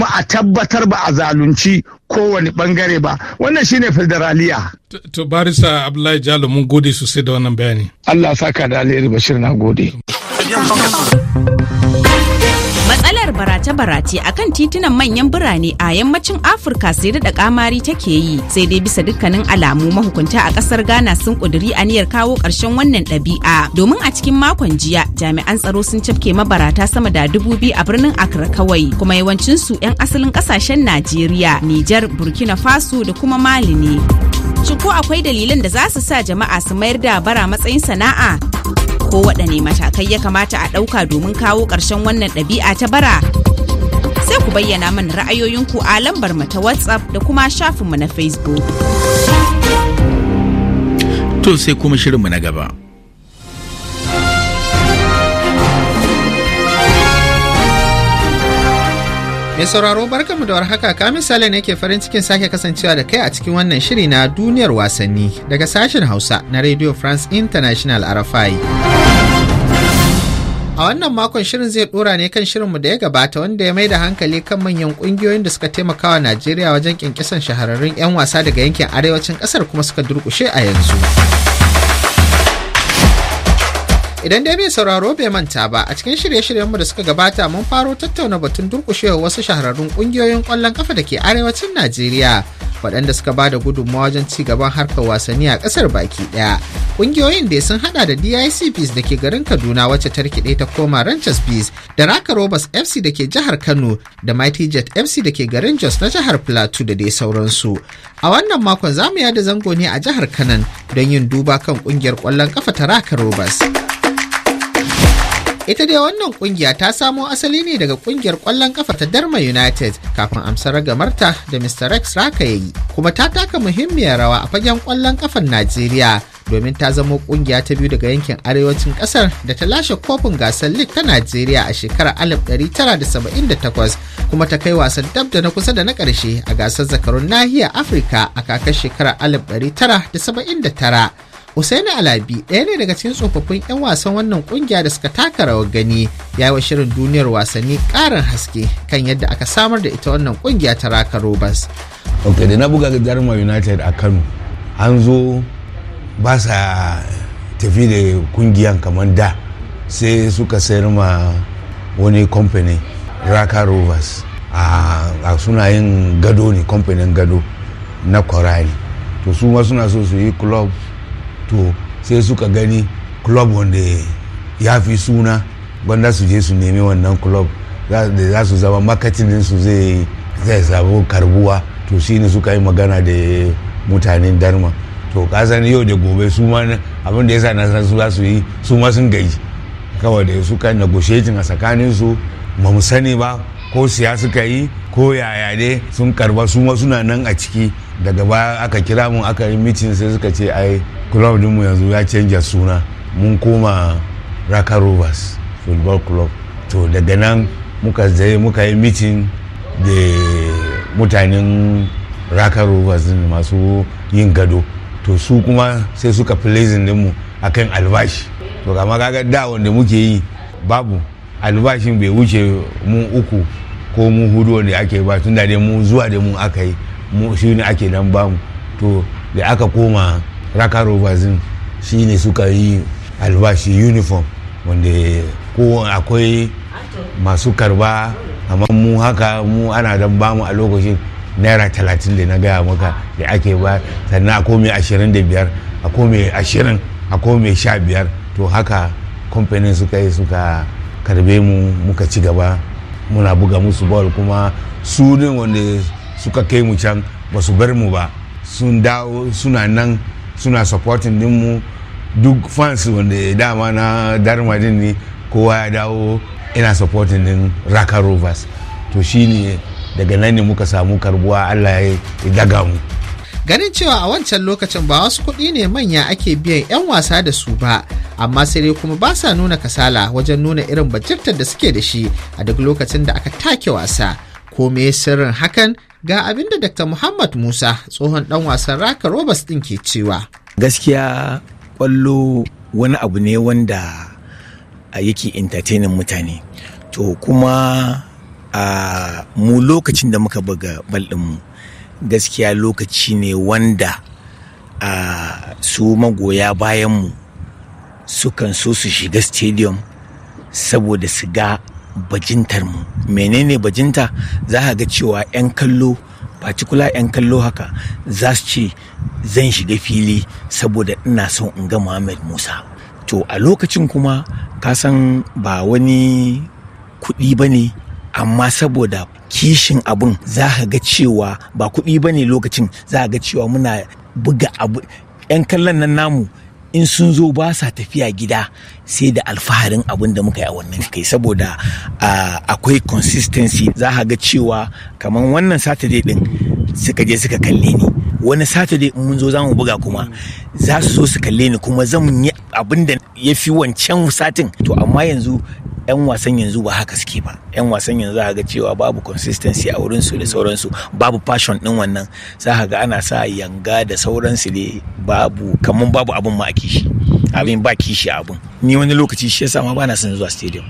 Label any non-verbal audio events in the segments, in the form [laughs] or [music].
kuma a tabbatar ba a zalunci kowane bangare ba wannan shine federaliya to barista abdullahi jalo mun gode sosai da wannan bayani allah saka da alheri bashir na gode Matsalar barace-barace a kan titunan manyan birane a yammacin Afirka sai da kamari take yi sai dai bisa dukkanin alamu mahukunta a kasar Ghana sun kuduri aniyar kawo ƙarshen wannan ɗabi'a domin a cikin makon jiya jami'an tsaro sun cafke mabarata sama da dubu biyu a birnin Accra kawai kuma su 'yan asalin ƙasashen Najeriya, Nijar, Burkina Faso da kuma Mali ne. Shin ko akwai dalilan da za su sa jama'a su mayar da bara matsayin sana'a? ko waɗanne matakai ya kamata a ɗauka domin kawo ƙarshen wannan ɗabi'a ta bara sai ku bayyana mana ra'ayoyinku a lambar mu ta whatsapp da kuma shafinmu na facebook to sai kuma shirinmu na gaba Mai sauraro barkanmu da warhaka ka misali ne ke farin cikin sake kasancewa da kai a cikin wannan shiri na duniyar wasanni daga sashen Hausa na Radio France International RFI. A wannan makon shirin zai dora ne kan shirinmu da ya gabata wanda ya mai da hankali kan manyan kungiyoyin da suka taimakawa Najeriya wajen kinkisan shahararrun 'yan wasa daga yankin arewacin kasar kuma suka durkushe a yanzu. Idan dai bai sauraro bai manta ba a cikin shirye-shiryenmu da suka gabata mun faro tattauna batun durƙushewa wasu shahararrun ƙungiyoyin ƙwallon ƙafa da ke arewacin Najeriya waɗanda suka ba da gudunmawa wajen ci gaban harkar wasanni a ƙasar baki ɗaya. Ƙungiyoyin da sun haɗa da DIC Bees da ke garin Kaduna wacce ta rikide ta koma Ranchers Bees da Raka Robas FC da ke jihar Kano da Mighty Jet FC da ke garin Jos na jihar Plateau da dai sauransu. A wannan makon za mu yada zango ne a jihar Kanan don yin duba kan ƙungiyar ƙwallon ƙafa ta Raka Robas. ita dai wannan kungiya ta samo asali ne daga kungiyar kwallon kafa ta Darma United kafin amsar ragamarta da Mr. Rex Raka ya yi, kuma ta taka muhimmiyar rawa a fagen kwallon kafan Najeriya domin ta zamo kungiya ta biyu daga yankin arewacin kasar da ta lashe kofin gasar lig ta Najeriya a shekarar 1978 kuma ta kai wasan dab da na kusa da na ƙarshe a gasar zakarun nahiyar Afirka a kakar shekarar 1979 Usaini Alabi ɗaya ne daga cikin tsofaffin 'yan wasan wannan kungiya da suka taka rawar gani ya yi wa shirin duniyar wasanni ƙarin haske kan yadda aka samar da ita wannan kungiya ta Raka Robas. Ok, da na buga Jarma United a Kano, an zo ba sa tafi da kungiyan kamar da sai suka sayar ma wani kamfani Raka Rovers a sunayen gado ne kamfanin gado na Korali. To su ma suna so su yi club to sai suka gani club wanda ya fi suna gwanda su je su nemi wannan club da za su zama makatinin su zai zai zabo karbuwa to shine suka yi magana da mutanen darma to kasan yau da gobe su ma abin da yasa na san su za su yi su ma sun gaji kawai da su kan negotiating a tsakanin su ba mu sani ba ko siya suka yi ko yaya ne sun karba su ma suna nan a ciki daga baya aka kira mu aka yi mitin sai suka ce ai club mu yanzu ya canja suna mun koma raka rovers football club to daga nan muka zai muka yi mitin da mutanen raka rovers masu yin gado to su kuma sai suka fi mu akan albashi to kama kaga da wanda muke yi babu albashin bai wuce mu uku ko mu hudu wanda ake ba tun da mu zuwa da mu aka yi mu shi ne ake dan bamu to da aka koma raka rovers shi ne suka yi albashi uniform wanda ko akwai masu karba amma mu haka mu ana dan bamu a lokacin naira talatin da na gaya maka da ake ba sannan a komai ashirin da biyar a komai ashirin a komai sha biyar to haka kamfanin suka yi suka karbe mu muka ci gaba muna buga musu ball kuma su ne wanda suka kai mu can ba su bar mu ba sun dawo suna nan suna supporting mu duk fans wanda dama na darma din ne kowa ya dawo ina supporting din raka rovers to shine daga nan ne muka samu karbuwa allah ya daga mu ganin cewa a wancan lokacin ba wasu kuɗi ne manya ake biyan 'yan wasa da su ba amma sai dai kuma ba sa nuna kasala wajen nuna irin bajirtar da suke da shi a duk lokacin da aka take wasa ko me sirrin hakan ga abin da dr muhammad musa tsohon dan wasan raka robas din ke cewa gaskiya kwallo wani abu ne wanda yake entertaining mutane to kuma a mu lokacin da muka buga bal mu gaskiya lokaci ne wanda a su magoya bayanmu sukan so su shiga stadium saboda su ga bajintar mu menene bajinta za ka ga cewa 'yan kallo particular 'yan kallo haka za su ce zan shiga fili saboda ina son in ga Muhammad Musa to a lokacin kuma kasan ba wani kuɗi ba ne amma saboda kishin abun za ka ga cewa ba kuɗi ba ne lokacin za ga cewa muna buga abu 'yan kallon nan namu in sun zo ba sa tafiya gida sai da alfaharin abin da muka yi a wannan kai saboda akwai consistency za ka ga cewa kamar wannan saturday din suka je suka kalle ni wani saturday in mun zo za mu buga kuma za su zo su kalle ni kuma zan yi abin da ya fi wancan satin to amma yanzu 'yan wasan yanzu ba haka suke ba 'yan wasan yanzu za ga cewa babu consistency a wurin su da sauransu babu passion din wannan za ga ana sa yanga da sauransu ne babu kaman babu abin ma a kishi abin ba kishi abin ni wani lokaci shi yasa ma bana son zuwa stadium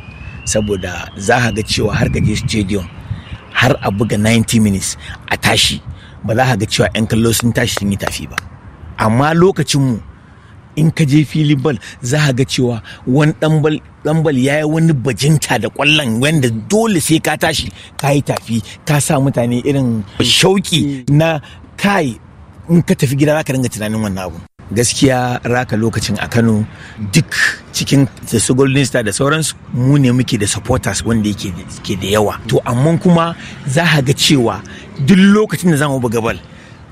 saboda za ga cewa har ka je stadium har a buga 90 minutes a tashi ba za ga cewa 'yan kallo sun tashi sun yi tafi ba amma lokacin mu in ka je fili bal za ka ga cewa wani ɗanbal bal ya yi wani bajinta da ƙwallon wanda dole sai ka tashi ka yi tafi ka sa mutane irin shauki na kai in ka tafi gida za ka dinga tunanin wannan abu gaskiya raka lokacin a kano duk cikin da su golden star da sauransu mu ne muke da supporters wanda yake da yawa to amma kuma za ga cewa duk lokacin da za mu buga bal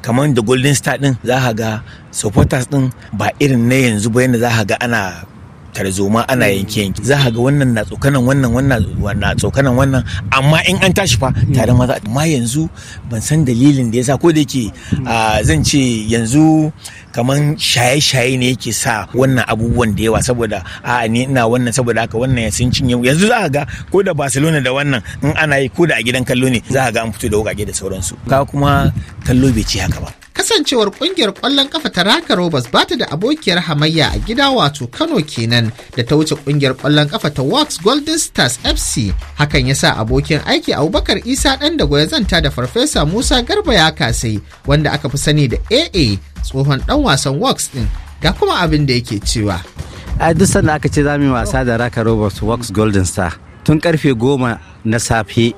kamar da golden star din za ga supporters din ba irin na yanzu ba yadda za ga ana tarzoma ana yanke yanke za ka ga wannan na tsokanan wannan wannan na tsokanan wannan amma in an tashi fa tare maza amma yanzu ban san dalilin da yasa ko da yake zan ce yanzu kamar shaye-shaye ne yake sa wannan abubuwan da yawa saboda a ni ina wannan saboda haka wannan ya sun cinye yanzu za ga ko da Barcelona da wannan in ana yi ko da a gidan kallo ne za ga an fito da wukake da sauransu ka kuma kallo bai ci haka ba kasancewar kungiyar kwallon kafa ta raka robas ba ta da abokiyar hamayya a gida wato kano kenan da ta wuce kungiyar kwallon kafa ta wax golden stars fc hakan ya sa abokin aiki abubakar isa dan da zanta da farfesa musa garba ya kasai wanda aka fi sani da aa tsohon dan wasan wax din ga kuma abin da yake cewa a duk sanda aka ce za mu wasa da raka robas wax golden star tun karfe goma na safe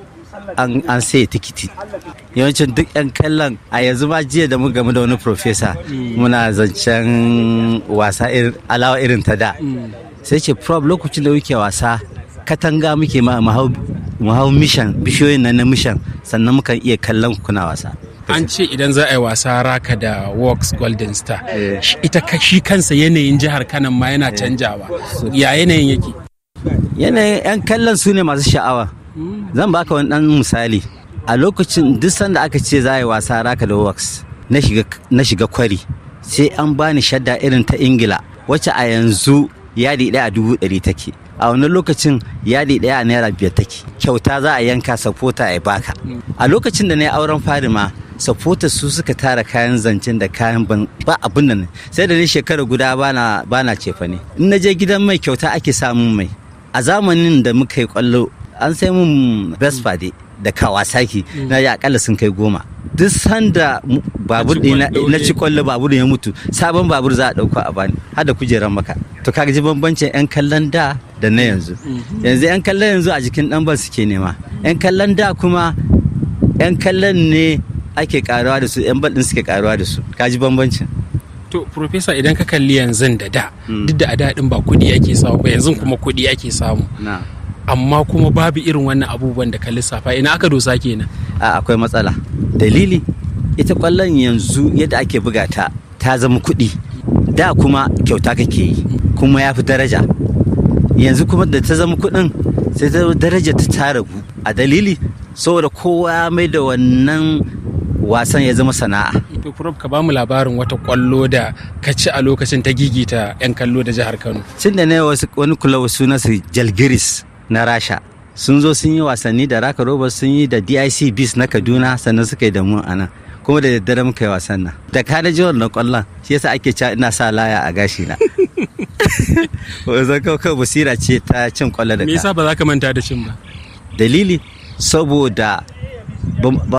an sai tikiti yawancin duk 'yan kallon a yanzu ba jiya da mun gamu da wani profesa muna zancen wasa alawa irin ta da sai ce prob lokacin da muke wasa katanga muke ma mu mishan bishiyoyin nan na mishan sannan mukan iya kallon kuna wasa an ce idan za a yi wasa raka da works golden star eh. ita shi kansa yanayin jihar kanan ma yana eh. canjawa ya yanayin yake yanayin 'yan kallon su ne masu sha'awa zan baka wani dan misali a lokacin duk sanda aka ce za a yi wasa raka da wax na shiga kwari sai an bani shadda irin ta ingila wacce a yanzu yadi ɗaya a dubu ɗari take a wani lokacin yadi ɗaya a naira biyar take kyauta za a yanka sapota a baka a lokacin da na yi auren fari ma sapota su suka tara kayan zancen da kayan ba abin nan sai da ni shekara guda bana bana cefa ne in na je gidan mai kyauta ake samun mai a zamanin da muka yi kwallo an sai mun vespa dai da kawasaki mm. na ya akalla sun kai goma duk sanda babur na ci kwallo babur ya mutu sabon babur za a dauko a bani har da kujeran maka to kaga ji bambancin yan kallon da da na yanzu mm-hmm. yanzu yan kallon yanzu a jikin dan ban suke nema yan kallon da kuma yan kallon ne ake karuwa da su yan baldin suke karuwa da su kaji bambancin to professor idan ka kalli yanzu da da mm. duk da a daɗin ba kuɗi ake samu ba yanzu kuma kuɗi ake samu amma kuma babu irin wannan abubuwan da ka lissafa ina aka dosa kenan a akwai matsala dalili ita kwallon yanzu yadda ake buga ta ta zama kuɗi da kuma kyauta kake yi kuma ya fi daraja yanzu kuma da ta zama kuɗin sai ta daraja ta ta ragu a dalili saboda kowa ya mai da wannan wasan ya zama sana'a to prof ka bamu labarin wata kwallo da ka ci a lokacin ta gigita yan kallo da jihar kano tun da ne wani kula nasu jalgiris na rasha sun zo sun yi wasanni da raka roba sun yi da dic bis na kaduna sannan suka yi da mu a nan kuma da daddare muka yi wasan nan da kada na kwallon shi yasa ake ca ina sa laya a gashi na wanzan [laughs] kawai basira ce ta cin kwallo da ka me yasa ba za ka manta da cin ba dalili saboda